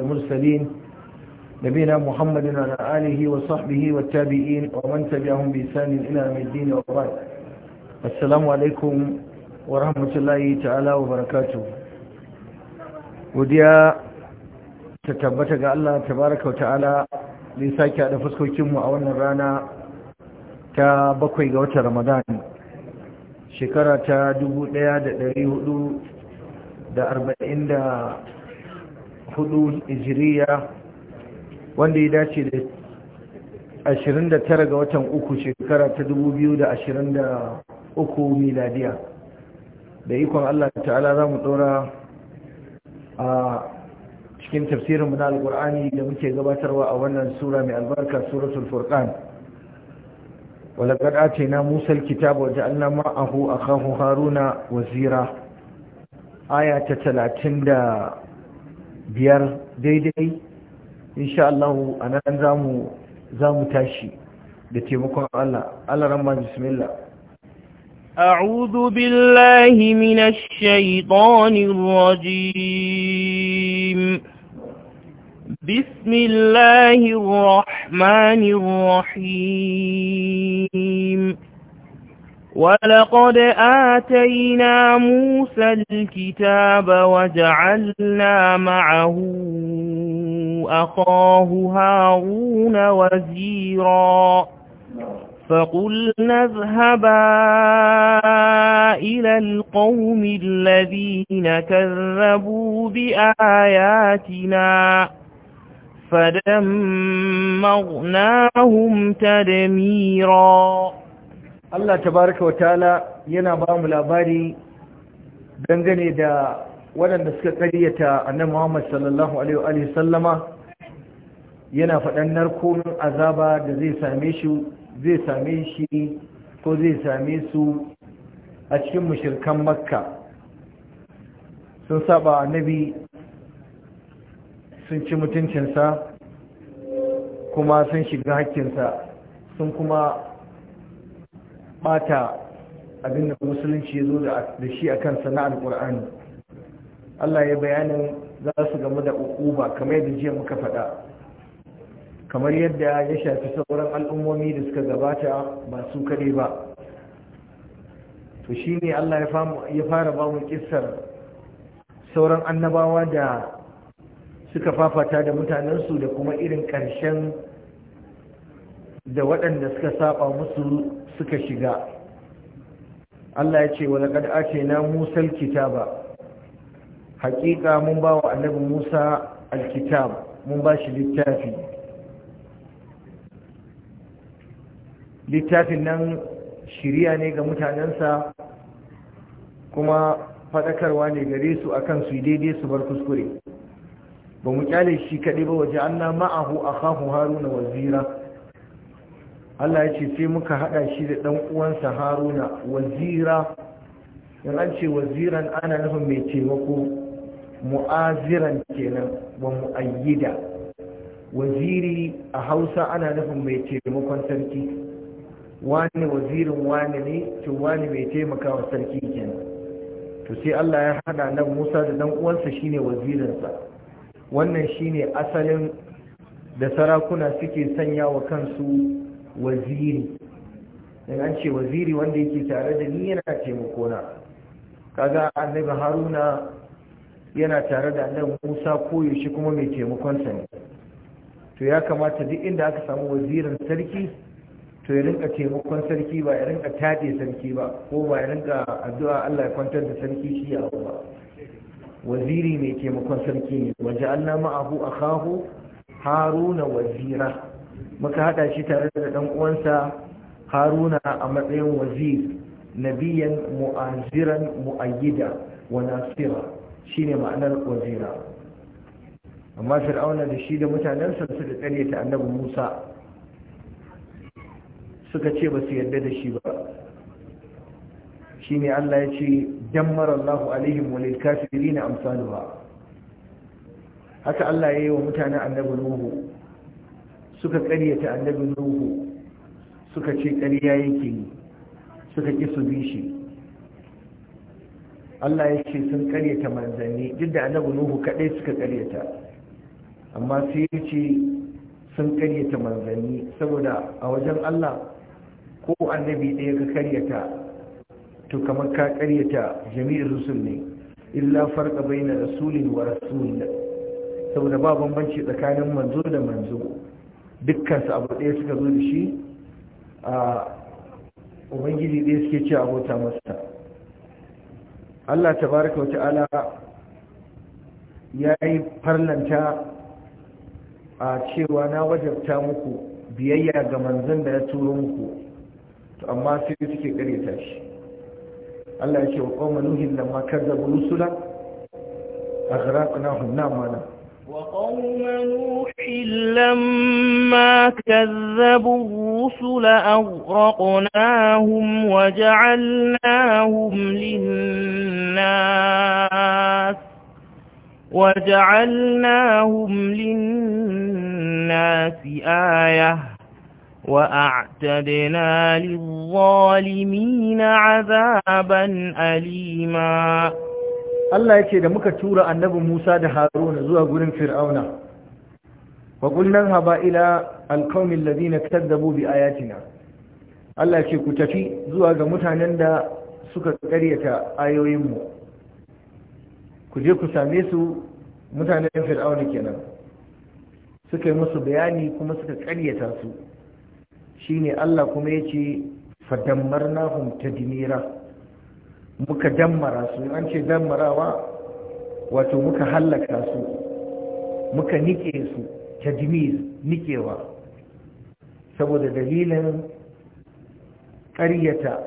المرسلين نبينا محمد وعلى آله وصحبه والتابعين ومن تبعهم بإسان إلى مدين الدين وبعد السلام عليكم ورحمة الله تعالى وبركاته وديا تتبتك الله تبارك وتعالى لساكي على وكم وأولنا رانا تبقي قوة رمضان شكرة دبو ليا دريه دا, arba'in دا hudu ijiriya wanda ya dace da 29 ga watan uku shekara ta 2023 miladiya da ikon Allah ta'ala za mu dora a cikin tafsirinmu na alkur'ani da muke gabatarwa a wannan sura mai albarka suratul furqan ولقد آتينا musa الكتاب وجعلنا معه Haruna Wazira وزيرا آية 30 biyar daidai insha Allah a nan za mu tashi da taimakon Allah Allah ramma bismillah أعوذ بالله من الشيطان الرجيم بسم الله الرحمن الرحيم ولقد آتينا موسى الكتاب وجعلنا معه أخاه هارون وزيرا فقلنا اذهبا إلى القوم الذين كذبوا بآياتنا فدمرناهم تدميرا Allah tabaraka wataala yana ba mu labari dangane da waɗanda suka ƙaryata annabi Muhammad sallallahu alaihi wa sallama yana faɗan narkomin azaba da zai same shi zai same shi ko zai same su a cikin mushirkan makka sun saba annabi sun ci mutuncinsa kuma sun shiga hakkinsa sun kuma bata abin musulunci ya zo da shi a kan sana'ar ƙur'ani allah ya bayanin za su gamu da ukuba kamar yadda jiya muka faɗa kamar yadda ya shafi sauran al'ummomi da suka gabata ba su kaɗai ba to shi ne allah ya fara ba mu kissar sauran annabawa da suka fafata da mutanensu da kuma irin ƙarshen da waɗanda suka saba musu suka shiga Allah ya ce walaƙad ake na musal alkitaba haƙiƙa mun ba wa annabi musa alkitab mun ba shi littafi littafin nan shirya ne ga mutanensa kuma faɗakarwa ne gare su akan su daidai su bar kuskure ba mu kyale shi kaɗai ba waje an na ma'ahu a haruna wazira Allah ya ce sai muka haɗa shi da ɗan uwansa haruna wazira in an ce waziran ana nufin mai taimako mu'aziran kenan wa mu'ayyida waziri a hausa ana nufin mai taimakon sarki wani wazirin wani ne to wani mai taimakawa sarki kenan to sai Allah ya hada nan Musa da dan uwansa shine wazirinsa wannan shine asalin da sarakuna suke sanya wa kansu waziri in an ce waziri wanda yake tare da ni yana taimakona kaga annabi haruna yana tare da annabi musa koyaushe kuma mai taimakonsa ne to ya kamata duk inda aka samu wazirin sarki to ya rinka taimakon sarki ba ya rinka tade sarki ba ko ba ya rinka addu'a Allah ya kwantar da sarki shi ya ba waziri mai taimakon sarki ne waje Allah ma'ahu akhahu haruna wazira muka haɗa shi tare da ɗan uwansa haruna a matsayin wazir nabiyan mu'aziran mu'ayyida wa nasira shine ma'anar wazira amma fir'auna da shi da mutanensa suka karyata annabi musa suka ce ba su yarda da shi ba ne allah ya ce dammara allahu alaihim wa lil kafirin amsaluha haka allah ya yi wa mutanen annabi nuhu suka karyata annabi nuhu suka ce ƙarya yake yi suka ƙi su bi shi Allah ya ce sun karyata manzanni duk da annabi nuhu kaɗai suka karyata amma sai ya ce sun karyata manzanni saboda a wajen Allah ko annabi ɗaya ka karyata to kamar ka karyata jami'in rusul ne illa farka baina rasulin wa rasul saboda ba bambanci tsakanin manzo da manzo dukkansu abu ɗaya suka zo da shi a ubangiji ɗaya suke ce abota masa Allah tabaraka wa ta'ala ya yi farlanta a cewa na wajabta muku biyayya ga manzan da ya turo muku to amma sai suke ta shi Allah ya ce wa qawma nuhin lamma kazzabu rusula hunna mana وقوم نوح لما كذبوا الرسل أغرقناهم وجعلناهم للناس وجعلناهم للناس آية وأعتدنا للظالمين عذابا أليماً Allah ya da muka tura annabi Musa da Haruna zuwa gurin Fir'auna wa qulnan haba ila alqaumil alladhina kadzabu bi ayatina Allah yake ku tafi zuwa ga mutanen da suka karyata ayoyinmu ku je ku same su mutanen Fir'auna kenan suka yi musu bayani kuma suka karyata su shine Allah kuma yake fadammarnahum tadmira muka dammara su an ce dammarawa wato muka hallaka su muka nike su tajmiz nikewa saboda dalilin ƙaryata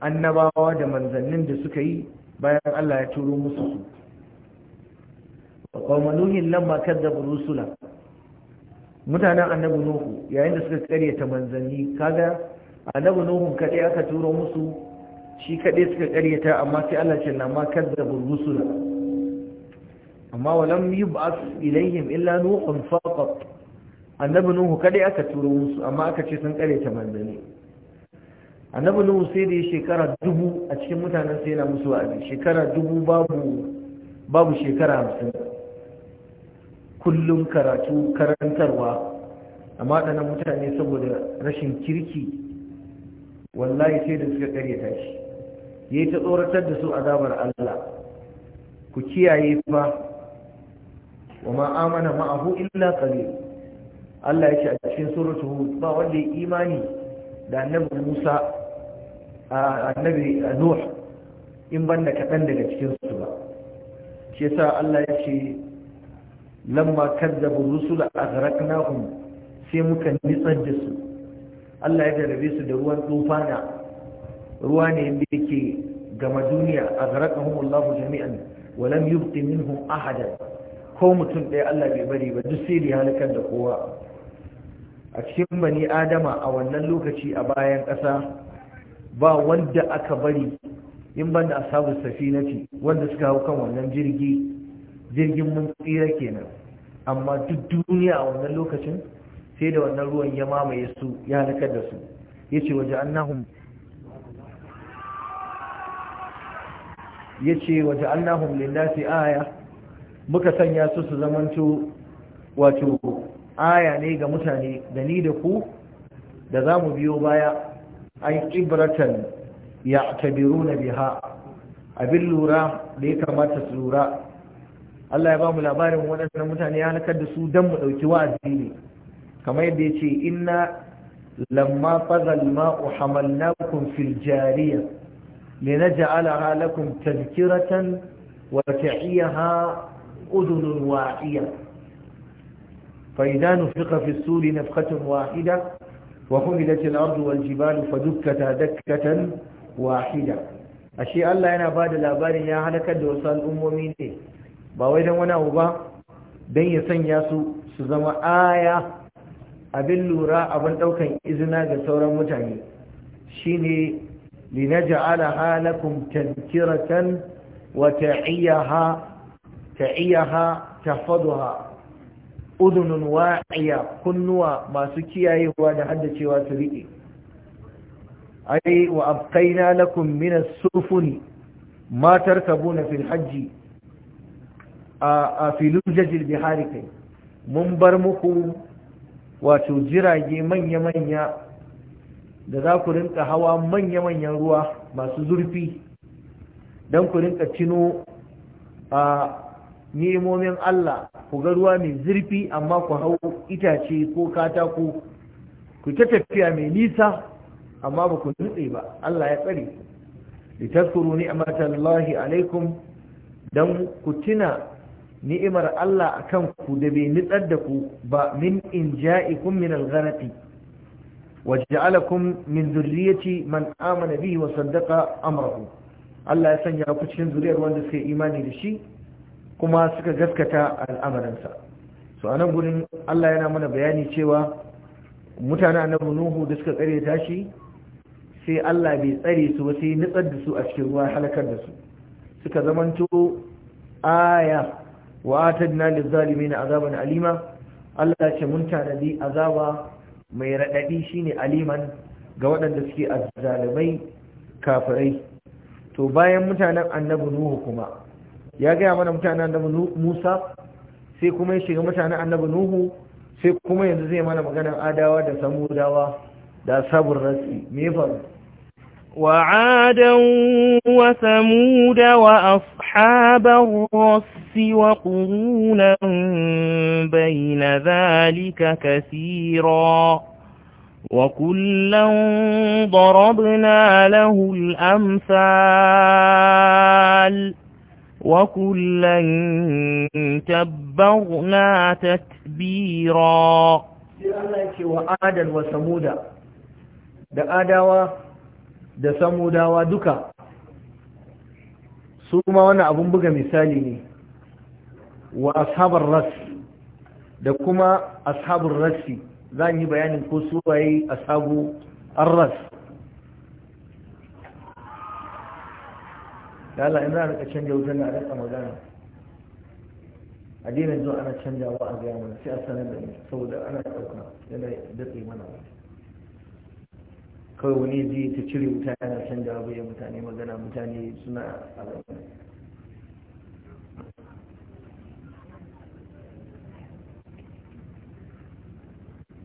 annabawa da manzannin da suka yi bayan Allah ya turo musu su wa nuhin lamma kadzabu rusula mutanen annabi nuhu yayin da suka ƙaryata manzanni kaga annabi nuhu kaɗai aka turo musu shi kaɗai suka ƙaryata amma sai Allah ce na ma kazzabu rusula amma walam yub'as ilayhim illa nuhun faqat annabi nuhu kaɗai aka turo musu amma aka ce sun ƙaryata manzani annabi nuhu sai da shekara dubu a cikin mutanen sai yana musu wa'azi shekara dubu babu babu shekara hamsin kullum karatu karantarwa amma ɗanan mutane saboda rashin kirki wallahi sai da suka ƙaryata shi ya yi ta tsoratar da su azabar Allah ku kiyaye fa wa ma amana ma'ahu illa qalil Allah ya ce a cikin suratul hud ba wanda ya imani da annabi Musa a annabi Nuh in banda kaɗan daga cikin su ba shi yasa Allah ya ce lamma kadzabu rusula azraknahum sai muka nitsar da su Allah ya jarabe su da ruwan tufana ruwa ne yadda yake gama duniya a zarakahum Allah jami'an walam yubqi minhum ahada ko mutum ɗaya Allah bai bari ba duk sai da halakar da kowa a cikin bani adama a wannan lokaci a bayan ƙasa ba wanda aka bari in banda ashabu safinati wanda suka hau kan wannan jirgi jirgin mun tsira kenan amma duk duniya a wannan lokacin sai da wannan ruwan ya mamaye su ya halakar da su yace waje annahum yace waja'alnahum lin-nasi aya muka sanya su su zamanto wato aya ne ga mutane da ni da ku da zamu biyo baya ay ibratan ya'tabiruna biha abin lura da ya kamata su lura Allah ya ba mu labarin waɗannan mutane ya halakar da su don mu ɗauki wa'azi ne kamar yadda ya ce inna lamma fazal ma'u kun fil jariya لنجعلها لكم تذكرة وتعيها أذن واعية فإذا نفق في السور نفقة واحدة وحملت الأرض والجبال فدكتا دكة واحدة أشياء الله أنا بعد الأبار يا هلك الدوسال أمومين باويدا ونأوبا بين يسنياسو سزما آية abin lura abin daukan izina ga sauran mutane shine لنجعلها لكم تذكرة وتعيها تعيها تحفظها أذن واعية كنوة ما سكيه ونحدث واسرئي أي وأبقينا لكم من السفن ما تركبون في الحج في لجج البحارك من برمكم وتجرى يمن مي da za ku rinka hawa manya-manyan ruwa masu zurfi don ku rinka cino a nemomin Allah ku ga ruwa mai zurfi amma ku hau itace ko katako ku ta tafiya mai nisa amma ba ku nutse ba Allah ya tsare litaskuru lahi alaikum don ku tuna ni'imar Allah akan ku da bai nutsar da ku ba min inja'ikum min al-gharati waj'alakum min dhurriyyati man amana bihi wa saddaqa amrahu Allah ya sanya ku cikin zuriyar wanda suka imani da shi kuma suka gaskata al'amarinsa so anan gurin Allah yana mana bayani cewa mutane annabi Nuhu da suka tsare tashi sai Allah bai tsare su ba sai nutsar da su a cikin ruwa halakar da su suka zamanto aya wa atadna na azaban alima Allah ya ce mun tanadi azaba mai raɗaɗi shine aliman ga waɗanda suke azzalumai kafirai to bayan mutanen annabi nuhu kuma ya gaya mana mutanen annabi musa sai kuma ya shiga mutanen annabi nuhu sai kuma yanzu zai mana maganar adawa da samudawa da sabon rasi me faru وعادا وثمود وأصحاب الرس وقرونا بين ذلك كثيرا وكلا ضربنا له الأمثال وكلا تبرنا تتبيرا وعادا وثمود da adawa da samudawa duka su kuma wani abun buga misali ne wa ashabar ras da kuma ashabar rasi za yi bayanin ko su waye ashabu ar-ras yalla ina da rika canja wutar da aka magana a dinin zuwa ana canjawa a gaya mana sai a sanar da ni saboda ana ɗauka yana daɗe mana wani kawai wani zai ta cire a yana da abu ya mutane magana mutane suna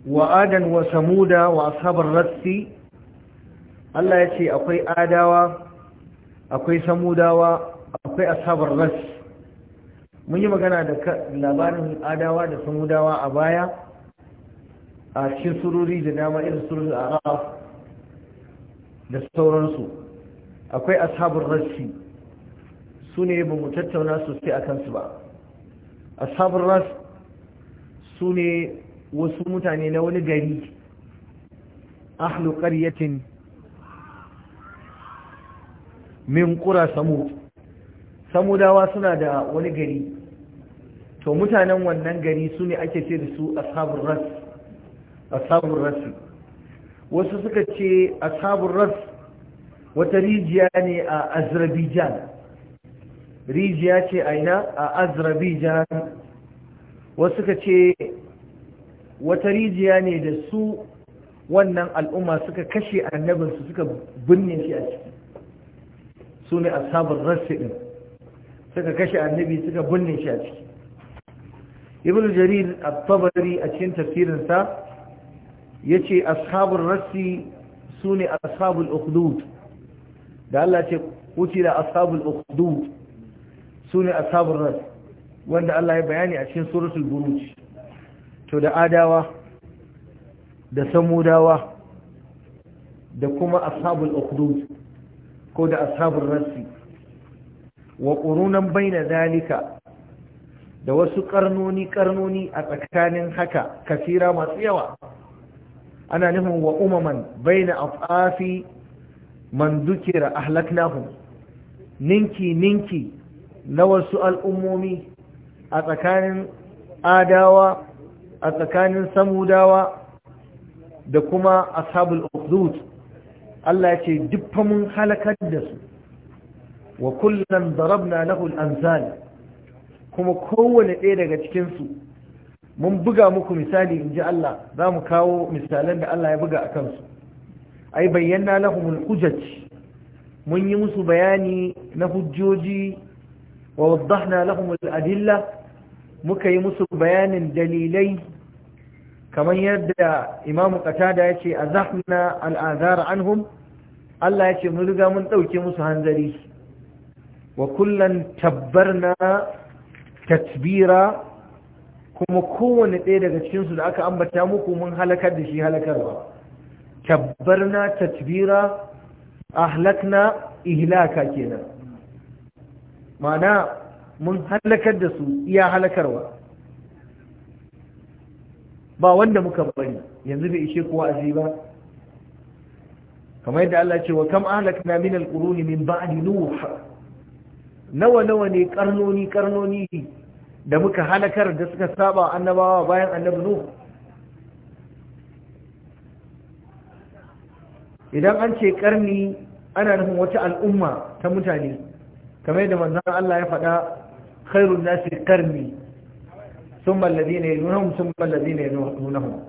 wa adan wa samuda wa asabar rassi Allah ya ce akwai adawa akwai samudawa akwai asabar rassi mun yi magana da labarin adawa da samudawa a baya a cikin sururi da dama irin sururi a da sauransu akwai ashabun rassi su ne ba mu tattauna sosai a kansu ba ashabun ras su ne wasu mutane na wani gari ahlu ƙaryatin min ƙura samu samudawa suna da wani gari to mutanen wannan gari su ne ake ce da su ashabun ras rasi wasu suka ce a ras wata rijiya ne a azerbaijan rijiya ce a ina a azerbaijan wasu suka ce wata rijiya ne da su wannan al'umma suka kashe annabinsu suka binne shi a ciki su ne a rasi din suka kashe annabi suka binne shi a ciki ibn jarir a tabari a cikin tafsirinsa yace ashabul rassi sune ashabul ukhdud da Allah ce da ashabul ukhdud sune ashabul rass wanda Allah ya bayani a cikin suratul buruj to da adawa da samudawa da kuma ashabul ukhdud ko da ashabul rassi wa qurunan baina zalika da wasu karnoni karnoni a tsakanin haka kasira masu yawa ana nufin wa umaman baina afafi man dukira ahlaknahum ninki ninki na wasu al'ummomi a tsakanin adawa a tsakanin samudawa da kuma ashabul ukhdud Allah ya ce mun halakar da su wa kullum darabna lahu al-amsal kuma kowane ɗaya daga cikin su mun buga muku misali in ji Allah za mu kawo misalan da Allah ya buga a kansu ai bayyana lahumul hujjaj mun yi musu bayani na hujjoji wa waddahna lahumul adilla muka yi musu bayanin dalilai kamar yadda imamu qatada yace azahna al'azar anhum Allah yace mun riga mun dauke musu hanzari wa kullan tabbarna tatbira kuma kowane ɗaya daga cikinsu da aka ambata muku mun halakar da shi halakarwa tabbarna tatbira ahlakna ihlaka kenan ma'ana mun halakar da su iya halakarwa ba wanda muka bari yanzu bai ishe kowa a ba kamar yadda Allah ce wa kam ahlakna min alquruni min ba'di nuh nawa nawa ne karnoni karnoni da muka halakar da suka saba annabawa bayan annabi nuhu idan an ce karni ana nufin wata al'umma ta mutane kamar yadda manzon Allah ya faɗa khairun nasi karni thumma alladhina يلونهم thumma alladhina يلونهم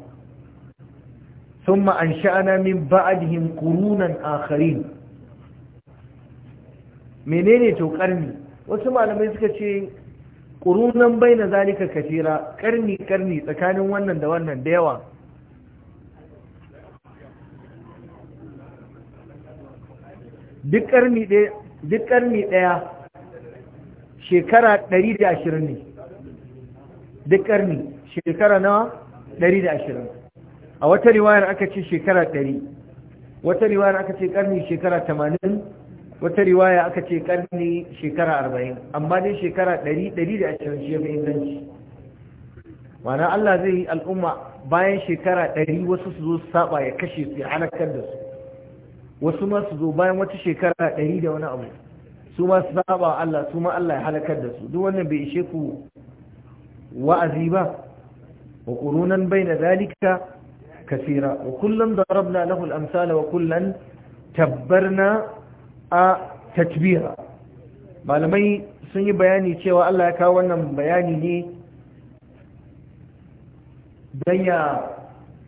thumma ansha'na min ba'dihim qurunan akharin Menene to karni wasu malamai suka ce ƙurunan bai na zalika kafira ƙarni-ƙarni tsakanin wannan da wannan da yawa duk ƙarni ɗaya shekara 120 ne duk ƙarni shekara na 120 a wata riwayar aka ce shekara 100 wata riwayar aka ce ƙarni shekara 80 wata riwaya aka ce karni shekara arba'in amma dai shekara ɗari ɗari da ashirin shi ya fi inganci ma'ana Allah zai yi al'umma bayan shekara ɗari wasu su zo su saba ya kashe su ya halakar da su wasu ma su zo bayan wata shekara ɗari da wani abu su ma su saba Allah su ma Allah ya halakar da su duk wannan bai ishe ku wa'azi ba wa qurunan baina zalika kasira wa kullum darabna lahu al-amsala wa kullan tabbarna a takbira malamai sun yi bayani cewa Allah ya kawo wannan bayani ne don ya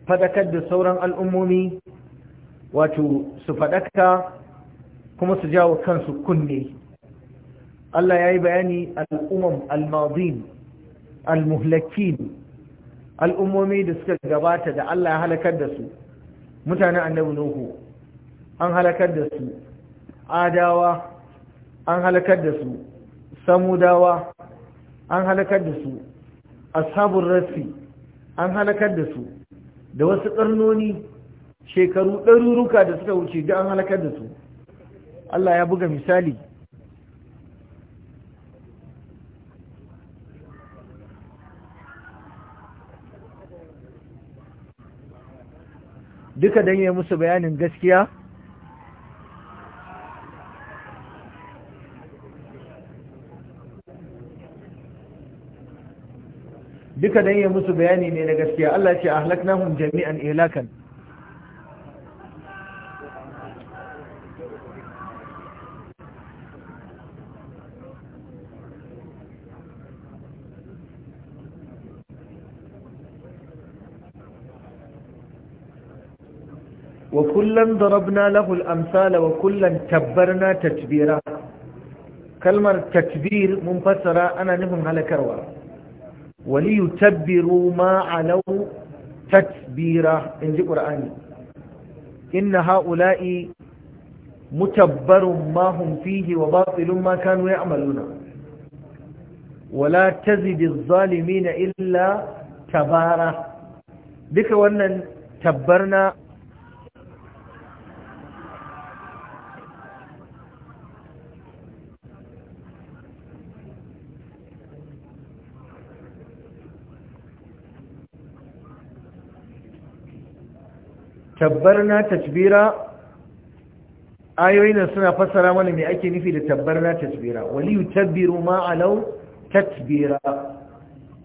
fadakar da sauran al'ummomi wato su fadaka kuma su jawo kansu kunne Allah ya yi bayani al'umman al-mazin al-muhlakin al'ummomi da suka gabata da Allah ya halakar da su mutanen annabi Nuhu an halakar da su adawa an halakar da su samudawa an halakar da su ashabun rassi an halakar da su da wasu ƙarnoni shekaru ɗaruruka da suka wuce da an halakar da su Allah ya buga misali duka don yi musu bayanin gaskiya duka dan yi musu bayani ne na gaskiya Allah ya ce ahlaknahum jami'an ilakan وكلا ضربنا له الأمثال وكلا تبرنا تتبيرا كلمة تتبير منفسرة أنا نفهم على كروة وليتبروا ما علوا تتبيرا إن جي قرآني إن هؤلاء متبر ما هم فيه وباطل ما كانوا يعملون ولا تزد الظالمين إلا تبارا duka wannan tabbarna tabbarna tajbira ayoyin suna fassara mana me ake nufi da tabbarna tajbira wali yutabbiru ma alaw tatbira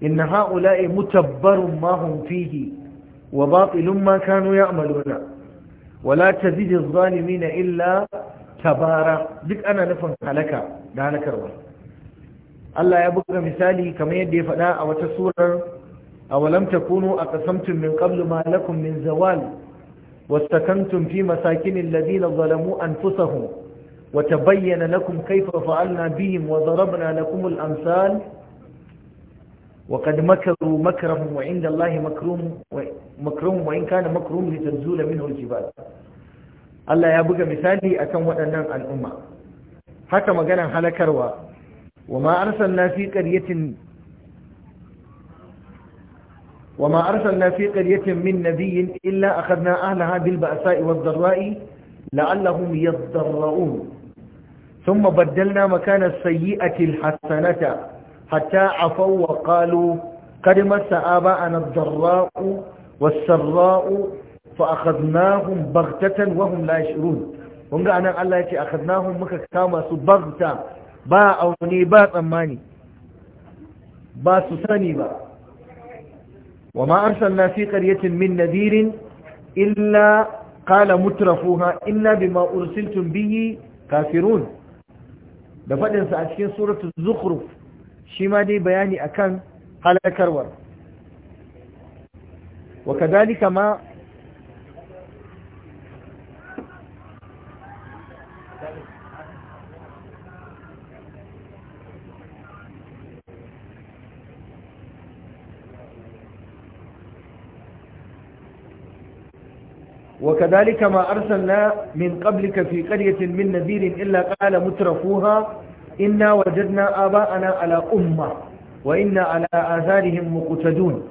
in haula'i mutabbarun ma fihi wa batilun ma kanu ya'maluna wala tazidu adh na illa tabara duk ana nufin halaka da halakarwa Allah ya buga misali kamar yadda ya faɗa a wata surar awalam takunu a min qablu ma lakum min zawal واستكنتم في مساكن الذين ظلموا أنفسهم وتبين لكم كيف فعلنا بهم وضربنا لكم الأمثال وقد مكروا مكرهم وعند الله مكروم مكروم وإن كان مكروم لتنزول منه الجبال الله يا بقى مثالي أكم وأنام الأمة حكم قنا هلكروا وما أرسلنا في قرية وما أرسلنا في قرية من نبي إلا أخذنا أهلها بالبأساء والضراء لعلهم يضرؤون ثم بدلنا مكان السيئة الحسنة حتى عفوا وقالوا قد مس آباءنا الضراء والسراء فأخذناهم بغتة وهم لا يشعرون ونقع أنا الله يتي أخذناهم مكاكاما بغتة با أو ني با ثماني با سساني با وما أرسلنا في قرية من نذير إلا قال مترفوها إلا بما أرسلتم به كافرون da faɗinsa a cikin suratul zukhruf shima dai bayani akan halakarwar wa ma وكذلك ما أرسلنا من قبلك في قرية من نذير إلا قال مترفوها إنا وجدنا آباءنا على أمة وإنا على آثارهم مقتدون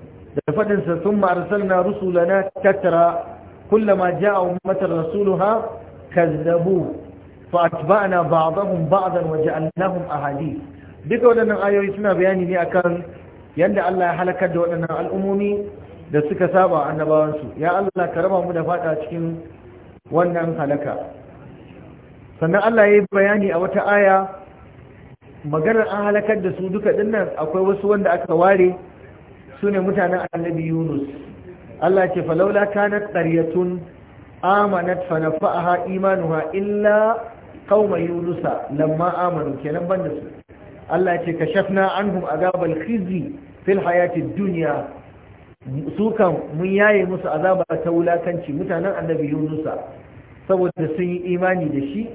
دفتنس ثم أرسلنا رسلنا تترى كلما جاء أمة رسولها كذبوه فأتبعنا بعضهم بعضا وجعلناهم أحاديث duka waɗannan ayoyi suna bayani ne akan yadda Allah ya halakar da waɗannan al'ummomi da suka saba annabawansu ya Allah ka raba mu da fada cikin wannan halaka sannan Allah ya yi bayani a wata aya maganar an halakar da su duka dinnan akwai wasu wanda aka ware su ne mutanen annabi yunus Allah ce falaula kanat qaryatun amanat fa nafa'aha imanuha illa qauma yunusa lamma amanu kenan banda su Allah ce kashafna anhum azabal khizi fil hayatid dunya sukan mun yaye musu azaba ta wulakanci mutanen annabi yunusa saboda sun yi imani da shi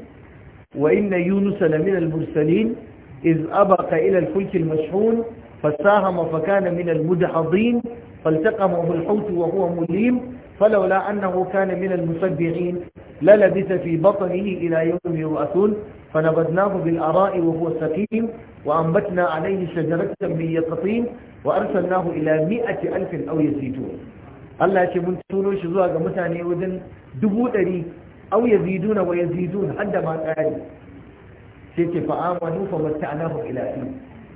wa inna yunusa na minal mursalin iz abaka ila alfulkil mashhun fasaha mafaka na min almudhadin faltaqamahu alhut wa huwa mulim falawla annahu kana min almusabbihin la labitha fi batnihi ila yawmi yub'athun فنبذناه بالأراء وهو سقيم وأنبتنا عليه شجرة من يقطين وأرسلناه إلى مئة ألف أو يزيدون الله يشمون تونو شزوها كمتاني وذن دبوتري أو يزيدون ويزيدون حتى ما تعالي سيك فآمنوا فمتعناهم إلى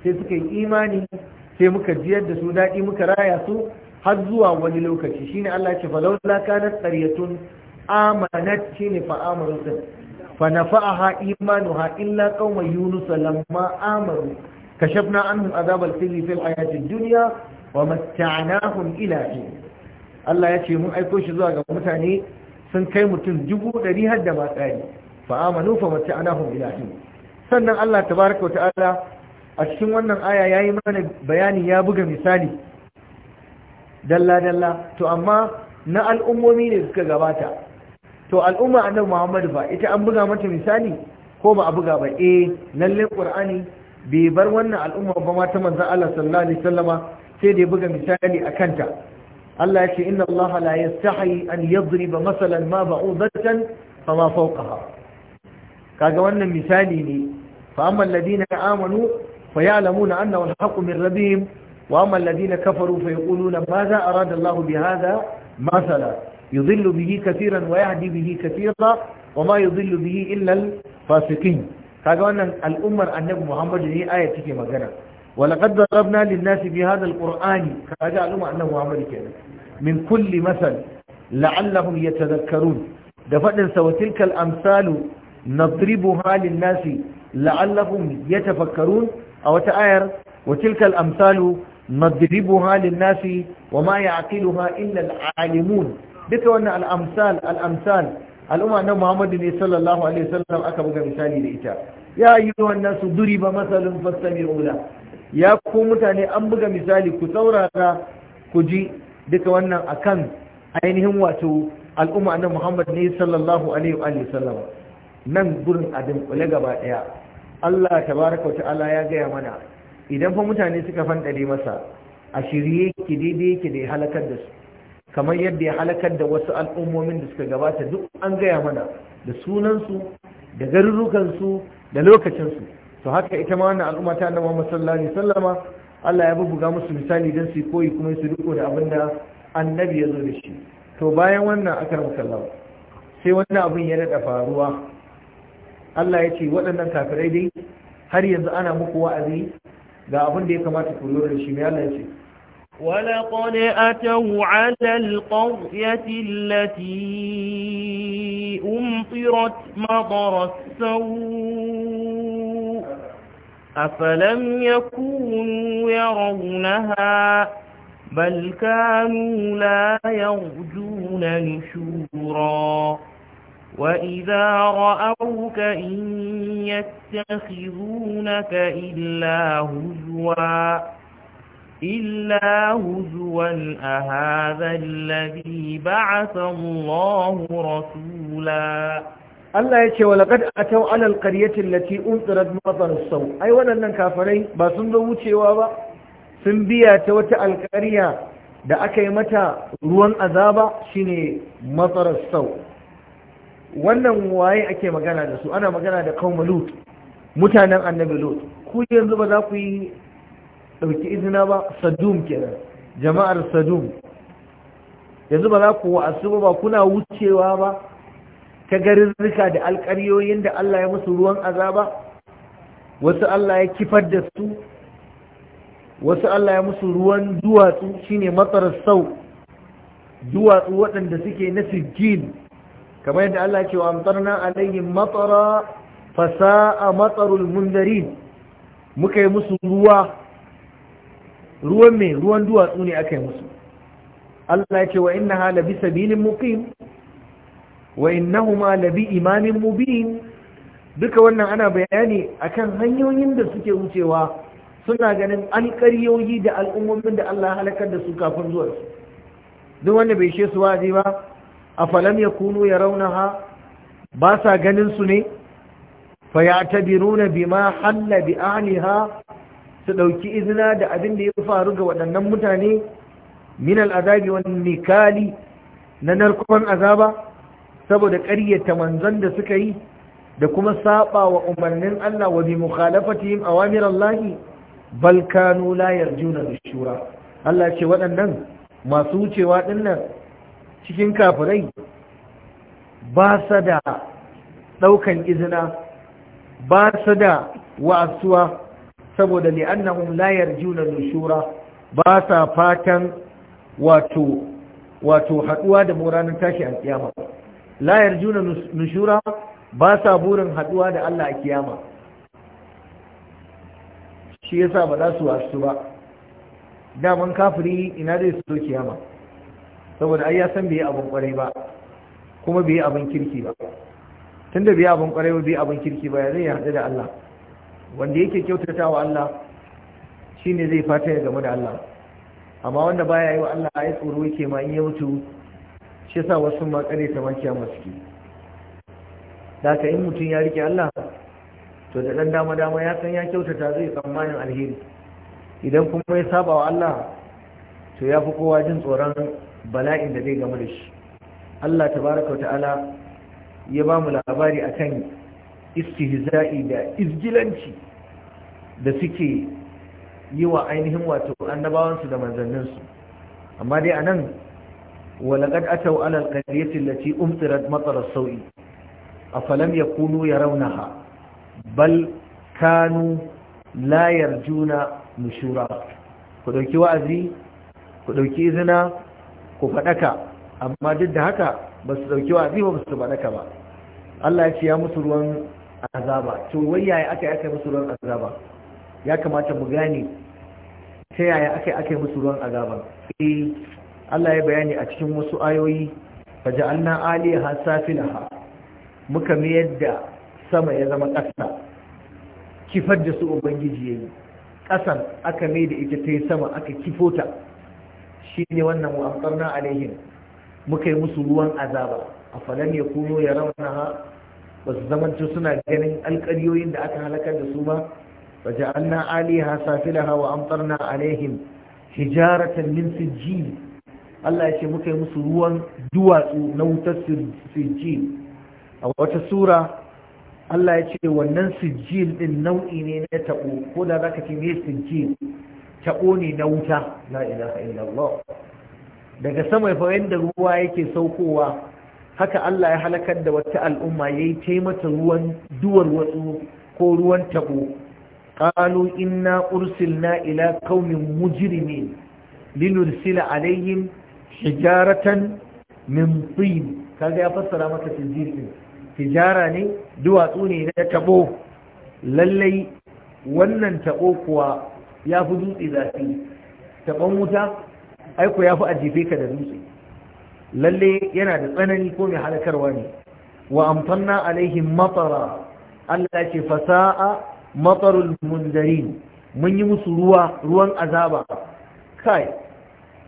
فيه سيك إيماني سيمك جيد سودائي مكرايا سوء هزوا وللوكتي شين الله يشفى لولا كانت قرية آمنت شين فآمنوا سنة فنفعها إيمانها إلا قوم يونس لما آمنوا كشفنا عنهم عذاب الخزي في الحياة الدنيا ومتعناهم إلى حين الله يتي من أي كوش زواج متعني sun kai mutum dubu ɗari har da matsayi fa'amanu fa mace ana hun sannan Allah tabaraka wa ta'ala a cikin wannan aya ya yi mana bayani ya buga misali dalla-dalla to amma na al'ummomi ne suka gabata to al'umma annabi Muhammad ba ita an buga mata misali ko ba a buga ba eh lalle Qur'ani bai bar wannan al'umma ba ma ta manzon Allah sallallahu alaihi wasallama sai da ya buga misali a kanta Allah ya ce inna Allah la yastahi an yadriba masalan ma ba'udatan fama fawqaha kaga wannan misali ne fa amma alladhina amanu fayalamuna annahu na min rabbihim wa amma alladhina kafaru fayaquluna madha arada Allah bihadha masala yudhillu bihi kaseeran waya yahdi bihi Wama wa ma yudhillu bihi kaga wannan al'ummar annabi Muhammad ne aya take magana wa laqad darabna lin-nasi bi hadha al kaga al'ummar annabi Muhammad kenan min kulli masal la'allahum yatadhakkarun da fadin sa wa tilka al nadribuha lin-nasi la'allahum yatafakkarun a wata ayar wa tilka al-amsalu nadribuha lin-nasi wa ma ya'qiluha illa al-alimun duka wannan al'amsal al'amsal al'umma na muhammadu ne sallallahu alaihi wasallam aka buga misali da ita ya yi wannan su duri ba masalin fassami ula ya ku mutane an buga misali ku saurara ku ji duka wannan akan ainihin wato al'umma na muhammadu ne sallallahu alaihi wasallam nan gurin a dunkule gaba daya Allah tabaraka wa ta'ala ya gaya mana idan fa mutane suka fanɗare masa a shirye ki daidai ki da halakar da su kamar yadda ya halakar da wasu al'ummomin da suka gabata duk an gaya mana da sunansu da garurukansu da lokacinsu to haka ita ma wannan al'umma ta annabawa masallaci sallama Allah ya bubuga musu misali don su koyi kuma su riko da abin da annabi ya zo da shi to bayan wannan aka musallawa sai wannan abin ya daɗa faruwa Allah ya ce waɗannan kafirai dai har yanzu ana muku wa'azi ga abin da ya kamata ku lura da shi mai Allah ya ce ولقد أتوا على القرية التي أمطرت مطر السوء أفلم يكونوا يرونها بل كانوا لا يرجون نشورا وإذا رأوك إن يتخذونك إلا هزواً إلا هزوا أهذا الذي بعث الله رسولا Allah ya ce wa laqad ataw ala alqaryatin lati umtirat matar saw ai waɗannan kafarai ba sun zo wucewa ba sun biya ta wata alƙarya da aka yi mata ruwan azaba shine matar saw wannan waye ake magana da su ana magana da qaumul lut mutanen annabi lut ku yanzu ba za ku yi ɗauki izina ba sadum kenan jama'ar sadum yanzu ba za ku wa'azu ba kuna wucewa ba ta garirrika da alƙaryoyin da Allah ya musu ruwan azaba wasu Allah ya kifar da su wasu Allah ya musu ruwan duwatsu shine matsarar sau duwatsu waɗanda suke na sijjin kamar yadda Allah ce wa amtarna alaihim matsara fasa'a matsarul mundarin muka yi musu ruwa ruwan mai ruwan duwatsu ne aka yi musu Allah ya ce wa inna hala bi sabilin muqim wa innahuma labi imamin mubin duka wannan ana bayani akan hanyoyin da suke wucewa suna ganin alƙaryoyi da al'ummomin da Allah halakar da su kafin zuwa su duk wanda bai she su waje ba a falam ya kunu ya raunaha ba sa ganin su ne fa ya tabiruna bima halla bi ahliha su ɗauki izina da abin da ya faru ga waɗannan mutane min al'azabi wani nikali na narkon azaba saboda ƙaryata manzon da suka yi da kuma saba wa umarnin Allah wa bi mukhalafatihim awamir Allah bal kanu la yarjuna bishura Allah ce waɗannan masu wucewa dinnan cikin kafirai ba sa da ɗaukan izina ba sa da wa'asuwa saboda li'annahum la yarjuna nushura ba sa fatan wato wato haduwa da muranin tashi a kiyama la yarjuna nushura ba sa burin haduwa da Allah a kiyama shi yasa ba za su wasu ba daman kafiri ina zai so kiyama saboda ai ya san bai abin kwarai ba kuma bai abin kirki ba tunda bai abin kwarai ba bai abin kirki ba ya zai hadu da Allah wanda yake wa Allah shi ne zai fata ya game da Allah amma wanda baya yi wa Allah ya tsoro yake ma in ya mutu shi sa wasu ma kare ta ma kiyama suke da ka in mutum ya rike Allah to da dan dama dama ya san ya kyautata zai tsammanin alheri idan kuma ya saba wa Allah to ya fi kowa jin tsoron bala'in da zai game da shi Allah tabaraka wa ta'ala ya ba mu labari akan istihza'i da izgilanci da suke yi wa ainihin wato annabawansu da manzanninsu amma dai anan walaƙad ataw ala alqaryati allati umtirat matara sawi afalam yakunu yarawnaha bal kanu la yarjuna mushura ku dauki wa'azi ku dauki izina ku fadaka amma duk da haka ba su dauki wa'azi ba su faɗaka ba Allah ya ce ya musu ruwan azaba to wai yaya aka yi aka yi musu ruwan azaba ya kamata mu gane ta yaya aka yi aka yi musu ruwan azaba eh Allah ya bayani a cikin wasu ayoyi ja'alna aliha safilaha muka mai da sama ya zama ƙasa kifar da su ubangiji yayi ƙasan aka mai da ita ta yi sama aka kifota shine wannan wa amtarna alaihim muka yi musu ruwan azaba afalan yakunu yarawnaha ba su zamanto suna ganin alƙaryoyin da aka halakar da su ba ba ja'alna aliha safilaha wa amtarna alaihim hijaratan min sijjil Allah ya ce muka yi musu ruwan duwatsu na wutar sijjil a wata sura Allah ya ce wannan sijjil din nau'i ne na taɓo ko da zaka ce me sijjil taɓo ne na wuta la ilaha illallah daga sama fa da ruwa yake saukowa haka Allah ya halakar da wata al'umma ya yi mata ruwan duwar wasu ko ruwan tabo ƙalu inna na ila kaumin mujrimin linursila alayhim hijaratan min tin kaga ya fassara maka tijirin tijara ne duwatsu ne na tabo lallai wannan tabo kuwa ya fi dutse zafi taɓon wuta aiko ya fi ajife ka da dutse lalle yana da tsanani ko mai halakarwa ne wa amtanna alaihim matara Allah ce fasa'a matarul mundarin mun yi musu ruwa ruwan azaba kai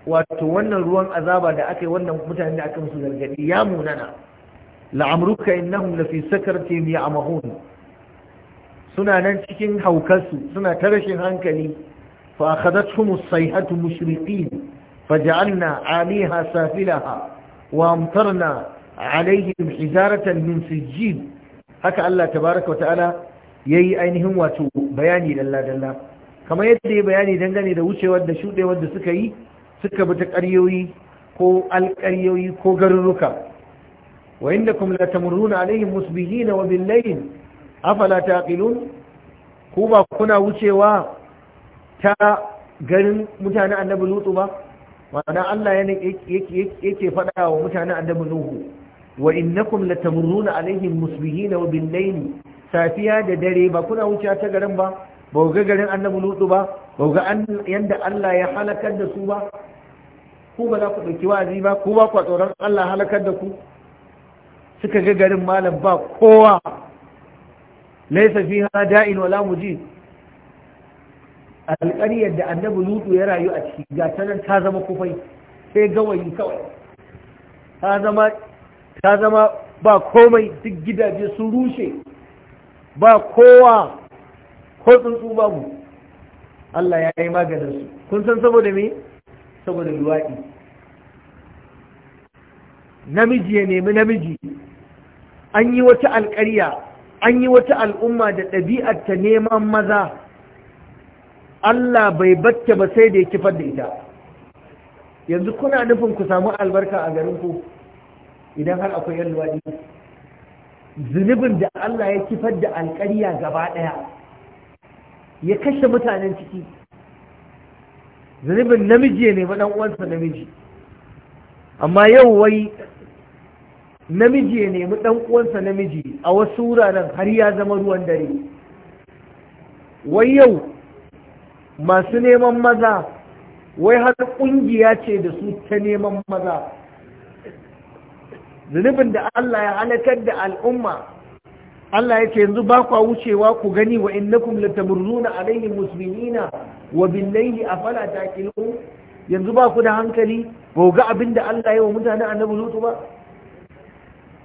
wato wannan ruwan azaba da aka yi wannan mutane da aka musu gargadi ya munana la'amruka innahum lafi sakartihim ya'mahun suna nan cikin haukarsu suna ta rashin hankali fa akhadathum as-sayhatu mushriqin faj'alna 'aliha safilaha وامطرنا عليهم حجارة من سجيل haka Allah tabaraka wa ta'ala yayi ainihin wato bayani dalla dalla kamar yadda ya bayani dangane da wucewar da shudewar da suka yi suka bi ta ƙaryoyi ko alƙaryoyi ko garuruka wa indakum la tamurruna alaihim musbihin wa bil layl afala taqilun ku ba kuna wucewa ta garin mutanen annabi lutu ba ma'ana Allah yana yake faɗa wa mutanen annabi Nuhu wa innakum latamurruna alaihim musbihina wa bil layli safiya da dare ba kuna wuce ta garin ba ba ga garin annabi Nuhu ba ba ga yanda Allah ya halakar da su ba ku ba za ku dauki wa'azi ba ku ba ku tsoron Allah halakar da ku suka ga garin malam ba kowa laysa fiha da'in wala mujid alƙaryar da annabi lutu ya rayu a ciki ga ta nan ta zama kufai sai gawayi kawai ta zama ba komai duk gidaje sun rushe ba kowa ko tsuntsu babu Allah ya yi maganinsu kun san saboda me saboda luwaɗi namiji ya nemi namiji an yi wata alƙarya an yi wata al'umma da ɗabi'ar ta neman maza Allah bai bacce ba sai da ya kifar da ita yanzu kuna nufin ku samu albarka a garin ku idan har akwai yan luwaɗi zunubin da Allah ya kifar da alƙariya gaba ɗaya ya kashe mutanen ciki zunubin namiji ne ba uwansa namiji amma yau wai namiji ya nemi ɗan uwansa namiji a wasu wuraren har ya zama ruwan dare wai yau masu neman maza wai har ƙungiya ce da su ta neman maza zunubin da Allah ya halakar da al'umma Allah ya ce yanzu ba kwa wucewa ku gani wa innakum latamurruna alaihi muslimina wa billahi afala taqilun yanzu ba ku da hankali ba ga abin da Allah ya wa mutane annabi lutu ba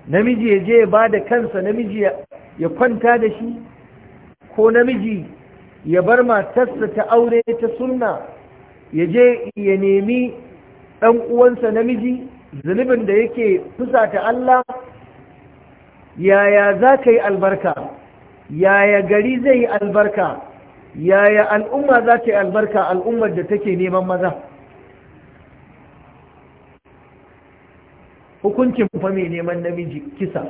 namiji ya je ya ba da kansa namiji ya kwanta da shi ko namiji ya bar matarsa ta aure ta sunna ya je ya nemi ɗan uwansa namiji zunubin da yake ta Allah yaya za ka yi albarka yaya gari zai yi albarka yaya al'umma za ta yi albarka al'ummar da take neman maza hukuncin fa mai neman namiji kisa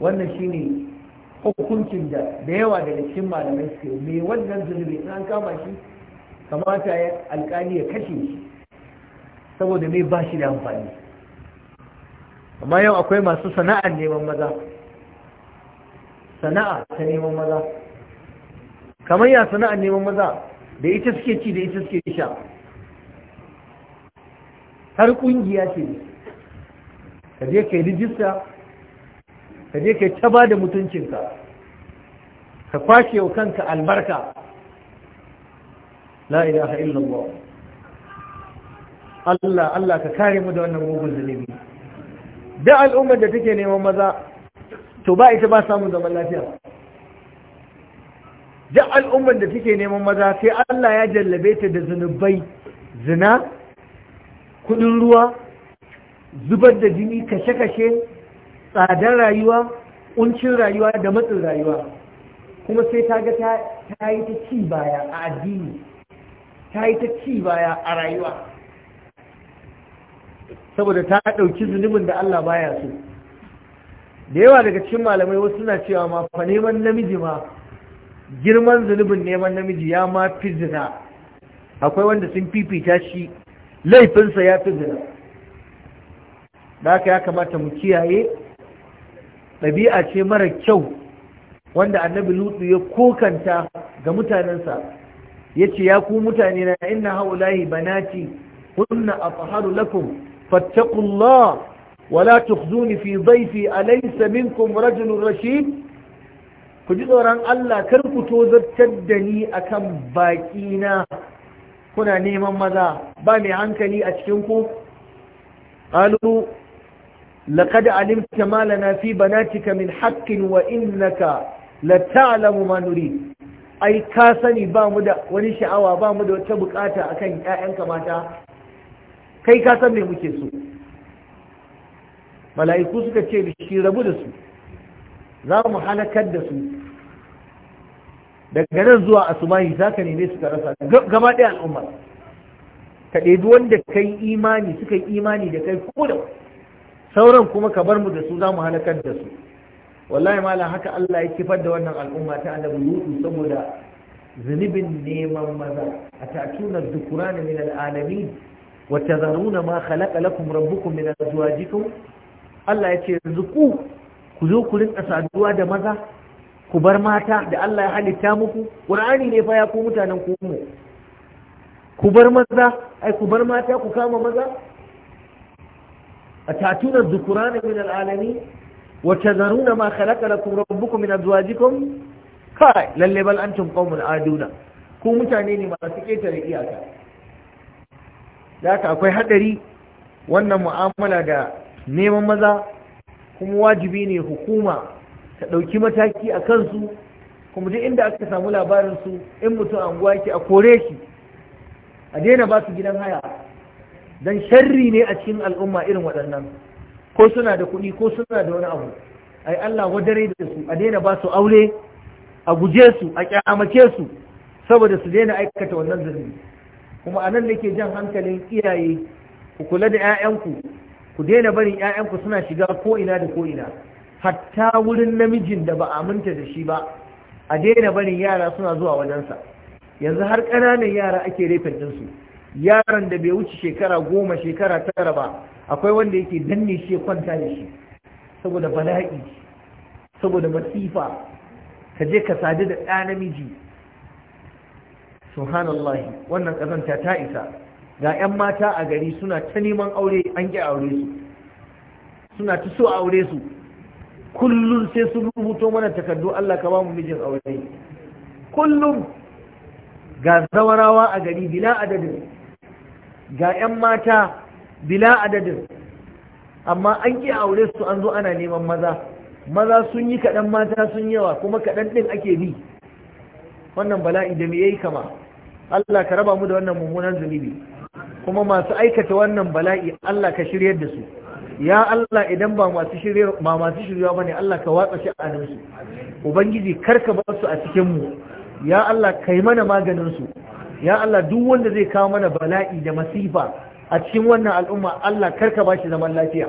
wannan shine hukuncin da da yawa daga cikin malamai yi mai wannan zunubi in an kama shi kamata ya alkali ya kashe shi saboda mai ba shi da amfani amma yau akwai masu sana'ar neman maza sana'a ta neman maza kamar ya sana'ar neman maza da ita suke ci da ita suke sha har kungiya ce ka je ka yi rijista ka je ka ta ba da mutuncinka ka kwashe wa kanka albarka la ilaha illallah Allah Allah ka kare mu da wannan mugun zalimi da al'ummar da take neman maza to ba ita ba samun zaman lafiya da al'ummar da take neman maza sai Allah ya jallabe ta da zunubai zina kudin ruwa zubar da jini kashe-kashe tsadar rayuwa kuncin rayuwa da matsin rayuwa kuma sai ta ga ta yi ta ci baya a addini ta yi ta ci baya a rayuwa saboda ta ɗauki zunubin da Allah baya so da yawa daga cikin malamai wasu suna cewa ma fa neman namiji ma girman zunubin neman namiji ya ma fi zina akwai wanda sun fifita shi laifinsa ya fi zina da haka ya kamata mu kiyaye ɗabi'a ce mara kyau wanda annabi lutu ya kokanta ga mutanensa ya ce ya ku mutane na inna haulahi banati hunna atharu lakum fattaqullah wala tukhzuni fi dhayfi alaysa minkum rajulun rashid ku ji tsoron Allah kar ku zartar da ni akan baki na kuna neman maza ba mai hankali a cikin ku qalu laqad alimta ma lana fi banatika min haqqin wa innaka la ta'lamu ma nurid ai ka sani ba mu da wani sha'awa ba mu da wata bukata akan ƴaƴanka mata kai ka san me muke so mala'iku suka ce shi rabu da su za mu halakar da su daga nan zuwa asumahi zaka ka neme su ka rasa gaba ɗaya al'umma ka ɗebi wanda ka imani suka yi imani da kai ko da sauran kuma ka bar mu da su za mu halakar da su wallahi malam haka Allah ya kifar da wannan al'umma ta annabi yusu saboda zunubin neman maza a ta'tuna dhukurana min al'alamin wa tazaruna ma khalaqa lakum rabbukum min azwajikum Allah ya ce yanzu ku ku zo ku rinka saduwa da maza ku bar mata da Allah ya halitta muku Qur'ani ne fa ya ku mutanen ku mu ku bar maza ai ku bar mata ku kama maza a tatuna dhukurana min al'alamin وتذرون ما خلق لكم ربكم من ازواجكم كاي للي بل انتم قوم عادون ku mutane ne masu ƙetare iyaka da haka akwai haɗari wannan mu'amala da neman maza kuma wajibi ne hukuma ta ɗauki mataki a kansu kuma duk inda aka samu labarin su in mutum anguwa yake a kore shi a daina ba su gidan haya don sharri ne a cikin al'umma irin waɗannan ko suna da kuɗi ko suna da wani abu ai Allah wadare da su a daina ba su aure a guje su a kyamace su saboda su daina aikata wannan zunubi kuma a nan nake jan hankalin iyaye ku kula da 'ya'yanku ku daina barin 'ya'yanku suna shiga ko ina da ko ina hatta wurin namijin da ba a aminta da shi ba a daina barin yara suna zuwa wajensa yanzu har ƙananan yara ake rafin ɗinsu yaron da bai wuce shekara goma shekara tara ba akwai wanda yake danne shi kwanta da shi saboda bala'i saboda masifa ka je ka sadu da ɗa namiji subhanallah wannan kazanta ta isa ga 'yan mata a gari suna ta neman aure an ƙi aure su suna ta so aure su kullum sai sun rubuto mana takardu Allah ka bamu mijin aure kullum ga zawarawa a gari bila adadin ga 'yan mata bila adadin amma an ƙi aure su an zo ana neman maza maza sun yi kaɗan mata sun yawa kuma kaɗan ɗin ake bi wannan bala'i da me yi kama Allah ka raba mu da wannan mummunan zunubi kuma masu aikata wannan bala'i Allah ka shiryar da su ya Allah idan ba masu shirye ba ne, Allah ka watsa sha'anin su ubangiji ka ba su a cikin mu ya Allah ka yi mana maganin su ya Allah duk wanda zai kawo mana bala'i da masifa a cikin wannan al'umma Allah karka ba shi zaman lafiya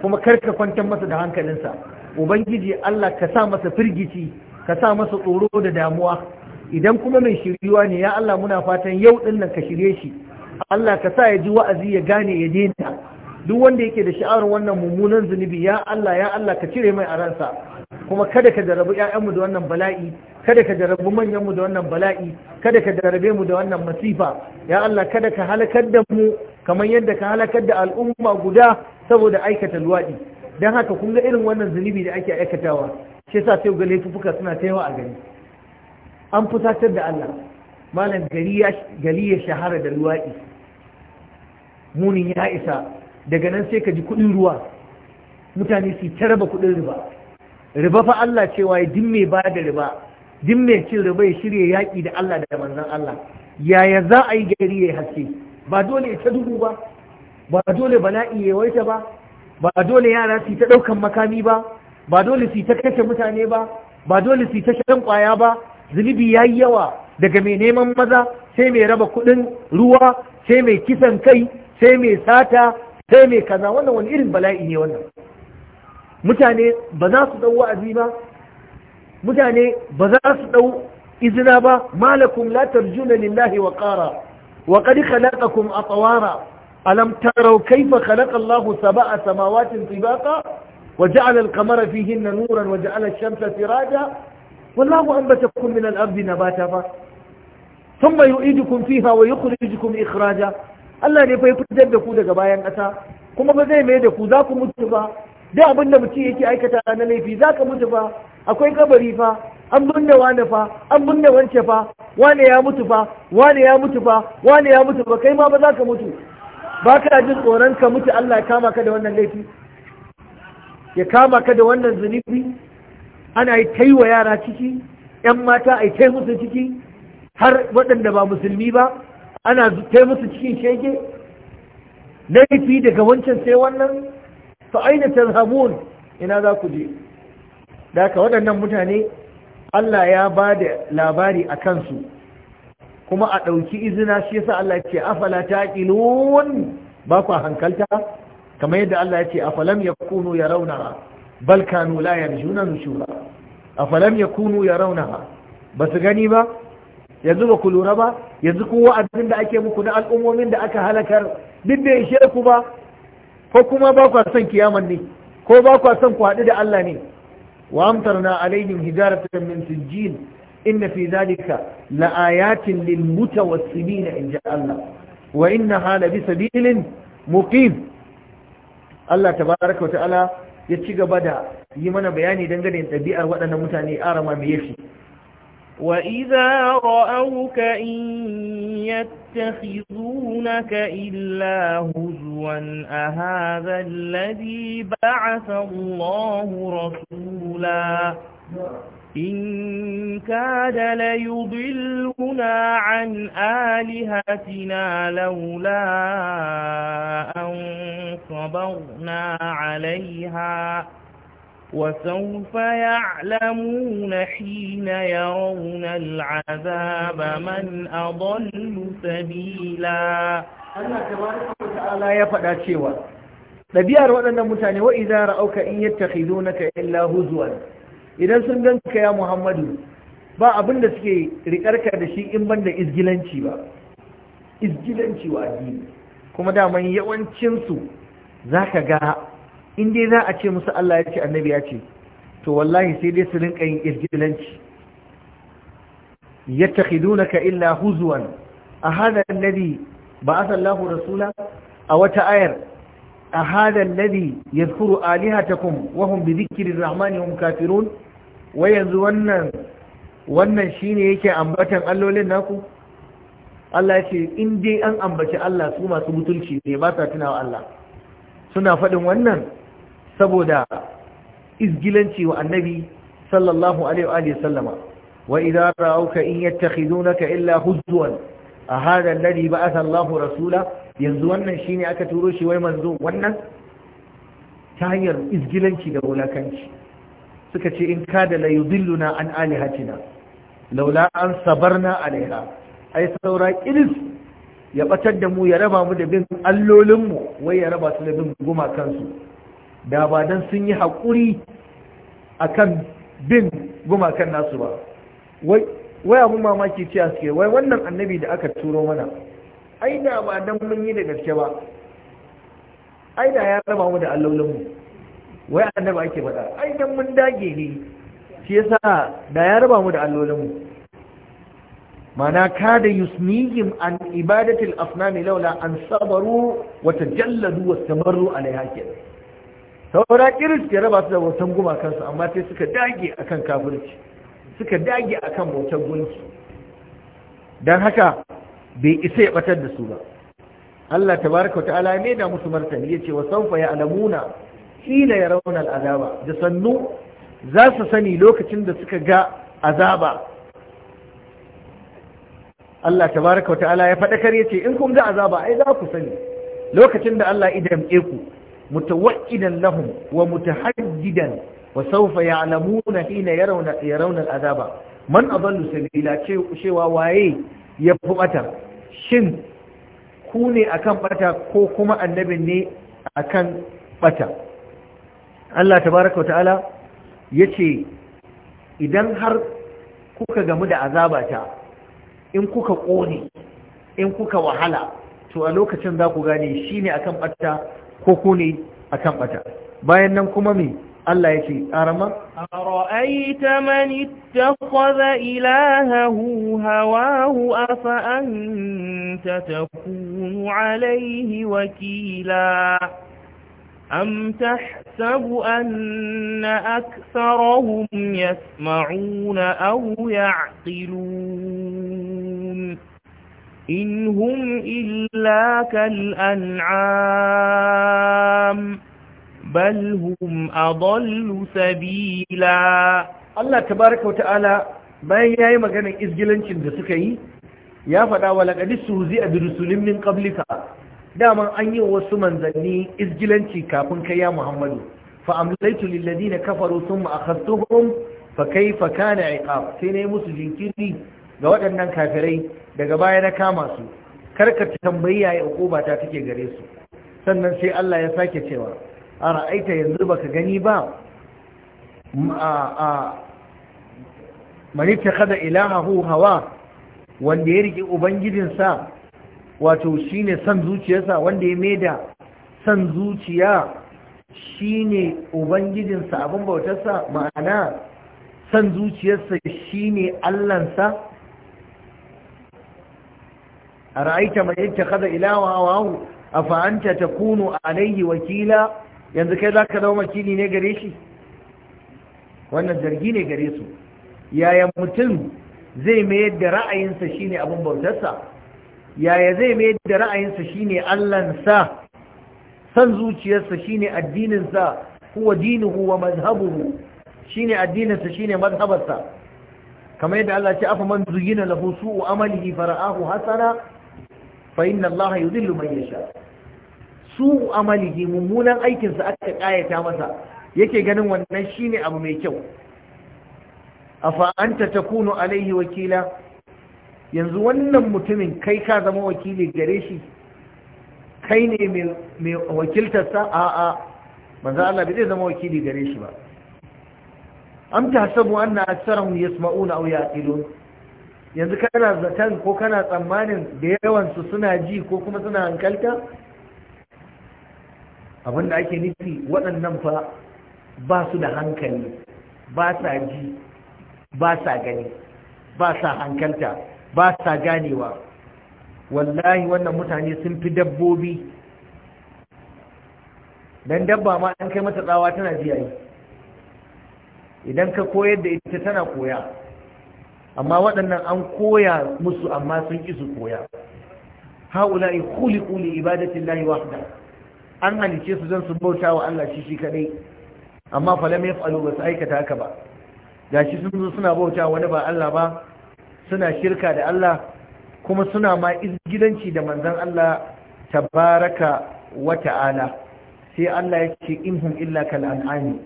kuma karka kwantar masa da hankalinsa ubangiji Allah ka sa masa firgici ka sa masa tsoro da damuwa idan kuma mai shiryuwa ne ya Allah muna fatan yau din nan ka shirye shi Allah ka sa ya ji wa'azi ya gane ya daina duk wanda yake da sha'awar wannan mummunan zunubi ya Allah ya Allah ka cire mai a ransa kuma kada ka jarabi 'ya'yanmu da wannan bala'i kada ka jarabu manyan mu da wannan bala'i kada ka jarabe mu da wannan masifa ya Allah kada ka halakar da mu kamar yadda ka halakar da al'umma guda saboda aikata luwaɗi dan haka kun ga irin wannan zunubi da ake aikatawa shi yasa sai ga laifuka suna ta yawa a gari an fusatar da Allah malam gari ya shahara da luwaɗi munin ya isa daga nan sai ka ji kuɗin ruwa mutane su ta raba kuɗin riba riba fa Allah cewa ya dimme ba da riba duk mai cin rabai ya shirya yaƙi da Allah da manzan Allah yaya za a yi gari ya haske ba dole ta dubu ba ba dole bala'i ya waita ba ba dole yara su ta ɗaukan makami ba ba dole su ta kashe mutane ba ba dole su ta shan ƙwaya ba zunubi ya yi yawa daga mai neman maza sai mai raba kuɗin ruwa sai mai kisan kai sai mai sata sai mai kaza wannan wani irin bala'i ne wannan mutane ba za su ɗau wa'azi ba mutane ba za su ɗau izina ba malakum la tarjuna lillahi wa qara wa qad khalaqakum atwara alam taraw kayfa khalaqa Allahu sab'a samawatin tibaqa wa ja'ala al-qamara fihinna nuran wa ja'ala ash-shamsa siraja wallahu anbatakum min al-ardi nabata fa thumma yu'idukum fiha wa yukhrijukum ikhraja Allah ne fa ya fitar da ku daga bayan ƙasa kuma ba zai mai da ku za ku mutu ba da abinda mutum yake aikata na laifi za ka mutu ba akwai kabari fa an binne wane fa an binne wance fa wane ya mutu fa wane ya mutu fa wane ya mutu Ba kai ma ba za ka mutu ba ka jin tsoron ka mutu Allah ya kama ka da wannan laifi ya kama ka da wannan zunubi ana yi ta wa yara ciki yan mata a yi ta musu ciki har waɗanda ba musulmi ba ana ta musu cikin shege laifi daga wancan sai wannan fa aina tazhamun ina za ku je da ka waɗannan mutane Allah ya ba da labari a kansu kuma a ɗauki izina shi yasa Allah ce afala ta ilun ba ku hankalta kamar yadda Allah ya ce afalam ya kunu ya yarawna bal kanu la yarjuna nushura afalam ya kunu ya yarawna ba su gani ba yanzu ba ku lura ba yanzu ku wa'azin da ake muku na al'ummomin da aka halakar duk da ya ku ba ko kuma ba ku son kiyaman ne ko ba ku son ku haɗu da Allah ne وأمطرنا عليهم هجارة من سجين إن في ذلك لآيات للمتوسمين إن جاء الله وإنها لبسبيل مقيم الله تبارك وتعالى يتشيق بدا يمنى بياني دنجل ينتبئ وأنا متاني آرما بيشي وإذا رأوك إن يتخذونك إلا هزوا أهذا الذي بعث الله رسولا إن كاد ليضلنا عن آلهتنا لولا أن صبرنا عليها وسوف يعلمون حين يرون العذاب من أضل سبيلا لا يفعل شيئا ɗabi'ar waɗannan أن wa وإذا رأوك إن يتخذونك إلا هزوا إذا سنجنك يا محمد ba abin da suke rikarka da shi in ban da izgilanci ba izgilanci wa addini kuma daman yawancin su zaka ga in dai za a ce musu Allah ya ce annabi ya ce to wallahi sai dai su rinka yin irgilanci yattakhidunaka illa huzwan a hada alladhi ba'atha Allahu rasula a wata ayar a hada alladhi yadhkuru alihatakum wa hum bi dhikri rahmani hum kafirun wa yanzu wannan wannan shine yake ambatan allolin naku Allah ya ce in dai an ambaci Allah su masu mutunci ne ba sa tunawa Allah suna faɗin wannan saboda izgilanci wa annabi sallallahu alaihi wa sallama wa idza ra'awka in yattakhidunaka illa huzwan a hada alladhi ba'atha Allahu rasula yanzu wannan shine aka turo shi wai manzo wannan ta hanyar izgilanci da wulakanci suka ce in kada la yudilluna an alihatina laula an sabarna alaiha ai saura ilis ya batar da mu ya raba mu da bin allolinmu wai ya raba su da bin gumakansu da ba don sun yi haƙuri a kan bin gumakan nasu ba wai abin mamaki ce suke wai wannan annabi da aka turo mana ai da ba don mun yi da gaske ba ai da ya raba mu da allolinmu wai annabi ake faɗa ai don mun dage ne shi yasa da ya raba mu da allolinmu mana kada yusnihim an ibadatil asnami laula an sabaru wa tajalladu wastamarru alaiha kenan saura Kirista ya raba su da wasan gumakansu amma sai suka dage akan kafirci suka dage akan bautan gunki don haka bai isa ya batar da su ba Allah baraka wa ta'ala ne da musu martani ce, wa sanfa ya alamuna ya raunar al'azaba da sannu za su sani lokacin da suka ga azaba Allah baraka wa ta'ala ya faɗakar ce, in kun ga azaba ai za ku sani lokacin da Allah idan ku mutawaidan lahum wa mutahaddidan wa sawfa ya'lamuna hina yarawna yarawna al'azaba man adallu sabila cewa waye ya fi bata shin ku ne akan bata ko kuma annabin ne akan bata Allah tabaraka wa ta'ala yace idan har kuka gamu da azabata in kuka kone in kuka wahala to a lokacin za ku gane shi ne akan bata. ko ku ne akan ɓata bayan nan kuma me Allah ya ce arama ara'aita man ittakhadha ilahahu hawahu afa anta takunu alayhi wakila أم تحسب أن أكثرهم يسمعون أو يعقلون إن هم إلا كالأنعام بل هم أضل سبيلا الله تبارك وتعالى bayan ya yi maganin izgilancin da suka yi ya faɗawa wa laƙadis su zai a birusulun ƙablika daman an yi wasu manzanni izgilanci kafin kai ya muhammadu fa'amlaitu lillazi na kafaru sun ma'akastuhun fa kai fa kana iqab sai na yi musu jinkiri ga waɗannan kafirai daga baya na kama su karka tambayi yaya hukuma ta take gare su sannan sai Allah ya sake cewa a ra'aita yanzu baka gani ba a kada ilahahu hawa wanda ya ubangijin sa wato shine san zuciyarsa wanda ya maida san zuciya shine ubangijinsa abin bautarsa ma'ana san zuciyarsa shine allansa kada ilawa man yattakhadha a hawahu ta anta a alayhi wakila yanzu kai za ka zama wakili ne gare shi wannan zargi ne gare su yaya mutum zai mayar da ra'ayinsa shi ne abin bautarsa yaya zai mayar da ra'ayinsa shi ne allansa? san zuciyarsa shi ne addininsa kuwa dinuhu wa mazhabuhu ne addininsa shi shine mazhabarsa kamar yadda Allah ya ce afa man zuyina lahu su'u amalihi fara'ahu hasana fa inna allaha yudhillu man yasha su amalihi mummunan aikin sa aka kayata masa yake ganin wannan shine abu mai kyau afa anta takunu alaihi wakila yanzu wannan mutumin kai ka zama wakili gare shi kai ne mai wakiltarsa a a manzo Allah bai zama wakili gare shi ba am tahsabu anna aktharahum yasma'una aw ya'qilun yanzu kana zaton ko kana tsammanin da yawansu suna ji ko kuma suna hankalta abinda ake nufi waɗannan fa ba su da hankali ba sa ji ba sa gani ba sa hankalta ba sa ganewa wallahi wannan mutane sun fi dabbobi don dabba ma an kai mata tsawa tana jiyayi idan ka koyar da ita tana koya amma waɗannan an koya musu amma sun ki su koya haula'i kuli kuli ibadatillahi wahda an halice su zan su bauta wa Allah shi shi kadai amma fa lam yaf'alu ba su aikata haka ba gashi sun zo suna bauta wani ba Allah ba suna shirka da Allah kuma suna ma gidanci da manzon Allah tabaraka wa ta'ala sai Allah ya ce inhum illa kal an'ami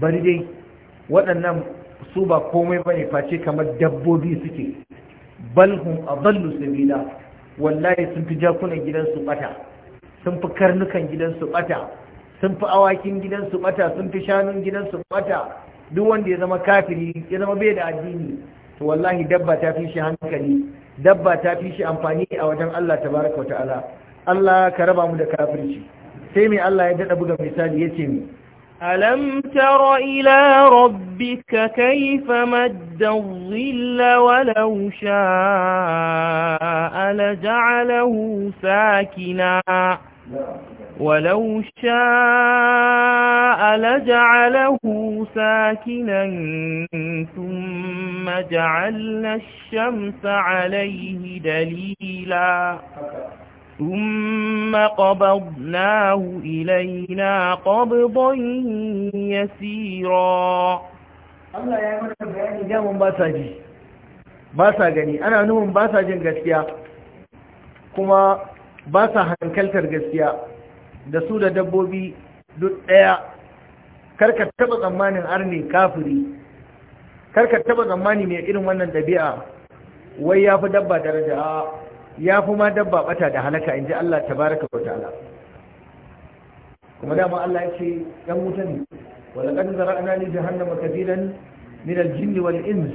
bari dai waɗannan su ba komai ba ne face kamar dabbobi suke balhum adallu sabila wallahi sun fi jakunan gidansu bata sun fi karnukan gidansu bata sun fi awakin gidansu bata sun fi shanun gidansu bata duk wanda ya zama kafiri ya zama bai da addini to wallahi dabba ta fi shi hankali dabba ta fi shi amfani a wajen Allah tabaraka wa ta'ala Allah ka raba mu da kafirci sai mai Allah ya daɗa buga misali ya ce mu ألم تر إلى ربك كيف مد الظل ولو شاء لجعله ساكنا ولو شاء لجعله ساكنا ثم جعلنا الشمس عليه دليلا ثم قبضناه إلينا قبضا يسيرا Allah ya yi mana bayani damun ba sa ji ba sa gani ana nuhun ba sa jin gaskiya kuma ba sa hankaltar gaskiya da su da dabbobi duk ɗaya karka taba tsammanin arne kafiri karka taɓa tsammani mai irin wannan dabi'a, wai ya fi dabba daraja ya fi ma dabba bata da halaka in ji Allah tabaraka wa ta'ala kuma dama Allah ya ce yan wuta ne wala kan zara'na li jahannama kathiran min al-jinn wal ins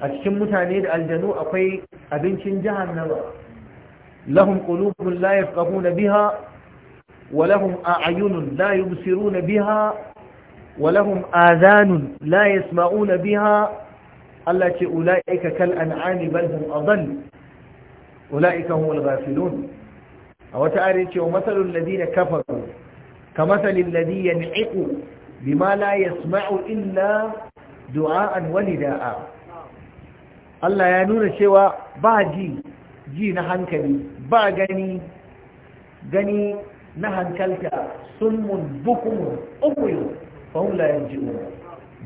a cikin mutane da aljanu akwai abincin jahannama lahum qulubun la yafqahuna biha wa lahum a'yunun la yubsiruna biha wa lahum adhanun la yasma'una biha Allah ce ula'ika kal an'ami bal hum adall ulaika humul ghafilun a wata ayar ce wa masalul ladina kafaru kamasalil ladhi yan'iqu bima la yasma'u illa du'a'an walida'a Allah ya nuna cewa ba ji ji na hankali ba gani gani na hankalta sulmun bukumun ukuyu fahimla yanzu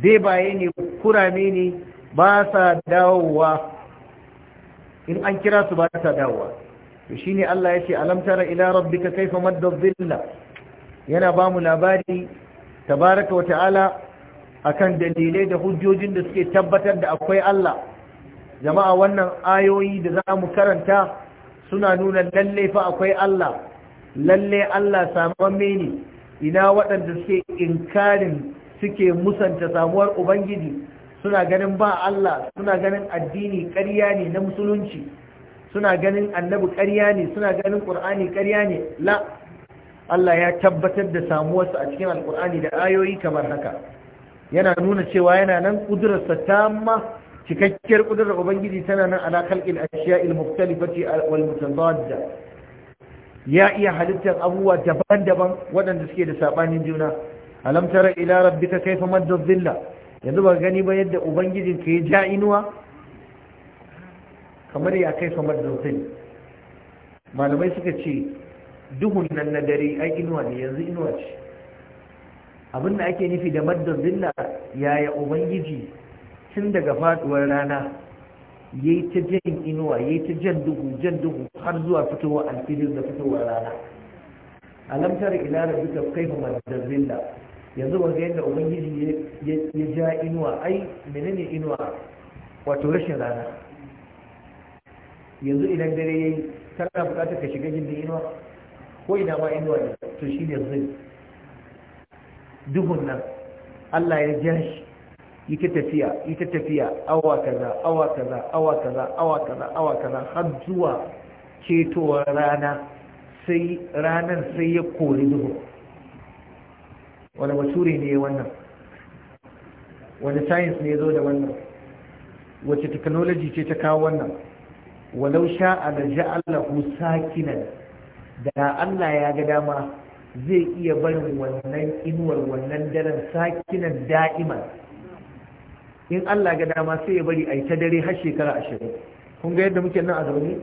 dai baye ne kurame ne ba sa dawowa in an kira su ba ta dawowa to shine Allah yace alam tara ila rabbika kayfa madda dhilla yana ba mu labari tabaraka wa ta'ala akan dalilai da hujjojin da suke tabbatar da akwai Allah jama'a wannan ayoyi da za mu karanta suna nuna lalle fa akwai Allah lalle Allah samamme ne ina waɗanda suke inkarin suke musanta samuwar ubangiji suna ganin ba Allah suna ganin addini ƙarya ne na musulunci suna ganin annabi ƙarya ne suna ganin ƙur'ani ƙarya ne la Allah ya tabbatar da samuwarsa a cikin alƙur'ani da ayoyi kamar haka yana nuna cewa yana nan ƙudurarsa tamma cikakkiyar ƙudurar ubangiji tana nan ala khalqil ashiya'il mukhtalifati wal mutadadda ya iya halittar abubuwa daban-daban waɗanda suke da sabanin juna alam tara ila rabbika kayfa madda dhilla yanzu ba gani ba yadda ubangijin ka yi ja inuwa kamar ya kai kamar zautani malamai suka ce duhun nan na dare ai inuwa ne yanzu inuwa ce abin da ake nufi da maddan zilla yaya ubangiji tun daga faduwar rana ya yi ta jan inuwa ya yi ta jan duhu jan duhu har zuwa fitowa alfilin da fitowar rana alamtar ila da duka kai maddan zilla yanzu ba ga yadda ubangiji ya ja inuwa ai menene inuwa wato rashin rana yanzu idan dare yayi kana bukatar ka shiga gindin inuwa ko ina ma inuwa ne to ne zai duhun nan Allah ya ja shi yi ta tafiya yi ta tafiya awa kaza awa kaza awa kaza awa kaza awa kaza har zuwa cetowar rana sai ranar sai ya kori duhun wani bature ne wannan wani science ne ya zo da wannan wace technology ce ta kawo wannan walau sha'a da ja'alahu sakinan da Allah ya ga dama zai iya barin wannan inuwar wannan daren sakinan da'iman in Allah ga dama sai ya bari a yi ta dare har shekara ashirin kun ga yadda muke nan a zaune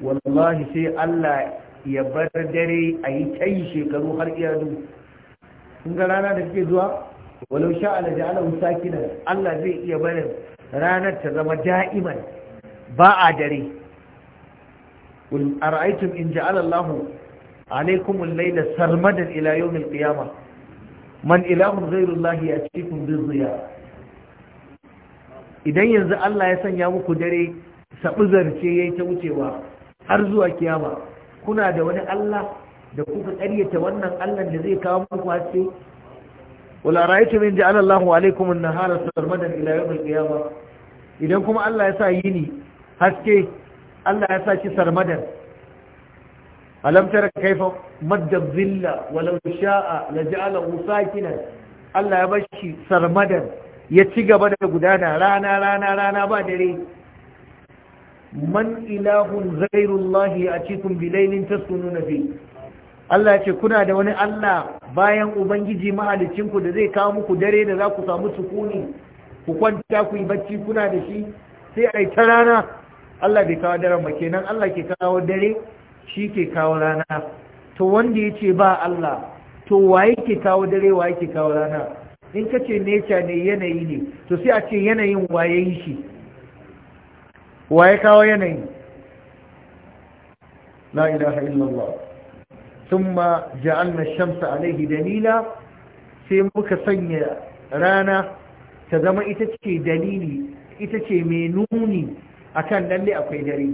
wallahi sai Allah ya bar dare a yi ta yi shekaru har iya dubu kun ga rana da take zuwa walau sha ala ja'alahu sakinan Allah zai iya barin ranar ta zama da'iman ba a dare A ra'aitun in ji Allahu alaykum al-layla sarmadan ila yawm al man ilahun ghayru a cikin bi idan yanzu Allah ya sanya muku dare sabuzarce yayi ta wucewa har zuwa kiyama kuna da wani Allah da kuka karyata wannan Allah da zai kawo muku haske wala ra'aytum in ja'ala Allahu alaykum an-nahara sarmadan ila yawm al-qiyamah idan kuma Allah ya sa yini haske Allah ya sa shi sarmadan alam tara kaifa madda dhilla walau sha'a laja'alahu sakinan Allah ya bashi sarmadan ya ci gaba da gudana rana rana rana ba dare man ilahun ghairullahi atikum bilailin tasununa fi Allah ya ce kuna da wani Allah bayan ubangiji mahalicinku da zai kawo muku dare da za ku samu sukuni ku kwanta ku yi bacci kuna da shi sai a yi ta rana Allah bai kawo daren ba kenan Allah ke kawo dare shi ke kawo rana to wanda ya ce ba Allah to wa yake kawo dare wa yake kawo rana in ka ce nature ne yanayi ne to sai a ce yanayin wa ya yi shi wa ya kawo yanayi la ilaha illallah thumma ja'alna ash-shamsa alaihi dalila sai muka sanya rana ta zama ita ce dalili ita ce mai nuni akan lalle akwai dare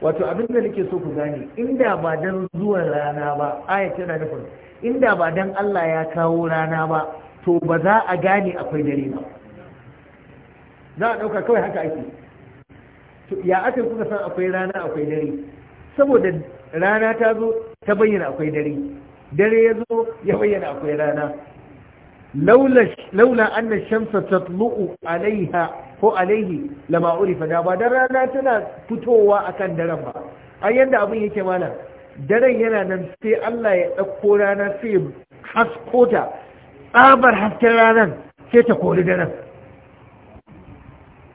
wato abin da nake so ku gane inda ba don zuwan rana ba aya tana nufin inda ba don Allah ya kawo rana ba to ba za a gane akwai dare ba za a ɗauka kawai haka ake ya aka kuka san akwai rana akwai dare saboda rana ta zo ta bayyana akwai dare dare ya zo ya bayyana akwai rana laula anna shamsa tatlu'u alaiha ko alaihi lama urifa da ba dan rana tana fitowa akan daren ba a yanda abin yake malam daren yana nan sai Allah ya ɗauko rana sai ya hasko ta tsabar hasken ranar sai ta kori daren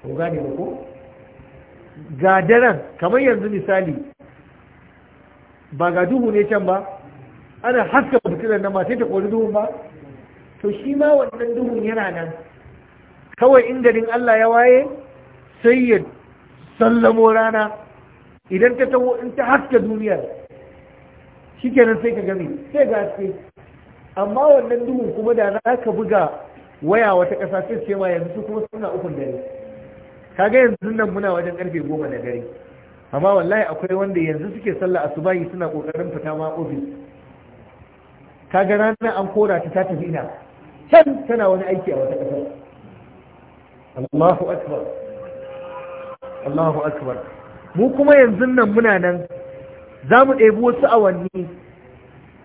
ko gane ko ga daren kamar yanzu misali ba ga duhu ne can ba ana haska fitilar nan ba sai ta kori duhun ba to shi ma wannan duhun yana nan kawai in garin Allah ya waye sai ya sallamo rana idan ta taho in ta haska duniya shikenan sai ka gami sai ga haske amma wannan duhun kuma da na ka buga waya wata ƙasa sai ce ma yanzu kuma suna ukun dare kaga yanzu nan muna wajen karfe goma na dare amma wallahi akwai wanda yanzu suke sallah asubahi suna kokarin fita ma ofis ga ranar an kora ta ta tafi ina can tana wani aiki a wata ƙasar Allahu akbar Allahu akbar mu kuma yanzu nan muna nan za mu ɗebi wasu awanni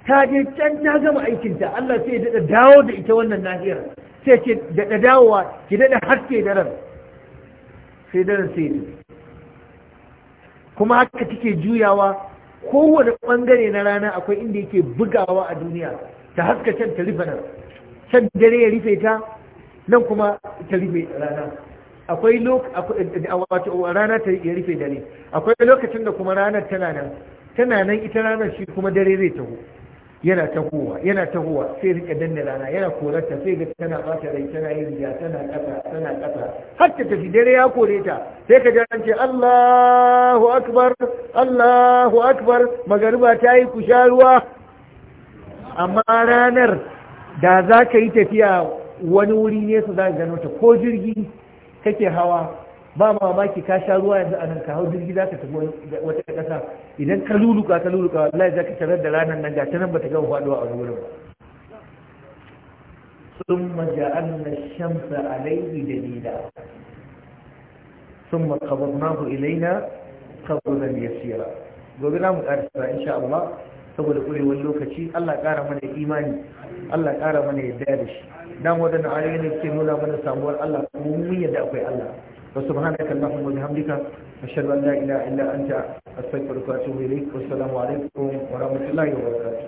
ta je can ta gama aikinta Allah sai ya daɗa dawo da ita wannan nahiyar sai ce daɗa dawowa ki daɗa haske daren sai daren sai ya kuma haka take juyawa kowane ɓangare na rana akwai inda yake bugawa a duniya ta haska can ta rufe nan can dare ya rufe ta nan kuma ta rufe rana akwai rana ta ya rufe dare akwai lokacin da kuma ranar tana nan tana nan ita ranar shi kuma dare zai taho yana tahowa yana tahowa sai rike danne rana yana korarta sai ga tana bata rai tana yin riya tana kasa tana kasa har ta tafi dare ya kore ta sai ka ji an ce Allahu akbar Allahu akbar magariba ta yi ku sha ruwa amma ranar da za ka yi tafiya wani wuri ne su za ka gano ta ko jirgi kake hawa ba mamaki ka sha ruwa yanzu a nan ka hau jirgi za ka tafi wata ƙasa idan ka luluka ka luluka wallahi za ka tarar da ranar nan ga ta nan ba ta gama faɗuwa a wani wurin ba ثم جعلنا الشمس عليه دليلا ilaina قبضناه إلينا ya siyara. gobe mu karasa insha Allah saboda ƙurewar lokaci Allah ƙara mana imani Allah ƙara mana yadda da shi dan wadannan ayoyin da ke nuna mana samuwar Allah kuma mun yadda akwai Allah فسبحانك اللهم وبحمدك اشهد ان لا اله الا انت استغفرك واتوب اليك والسلام عليكم ورحمه الله وبركاته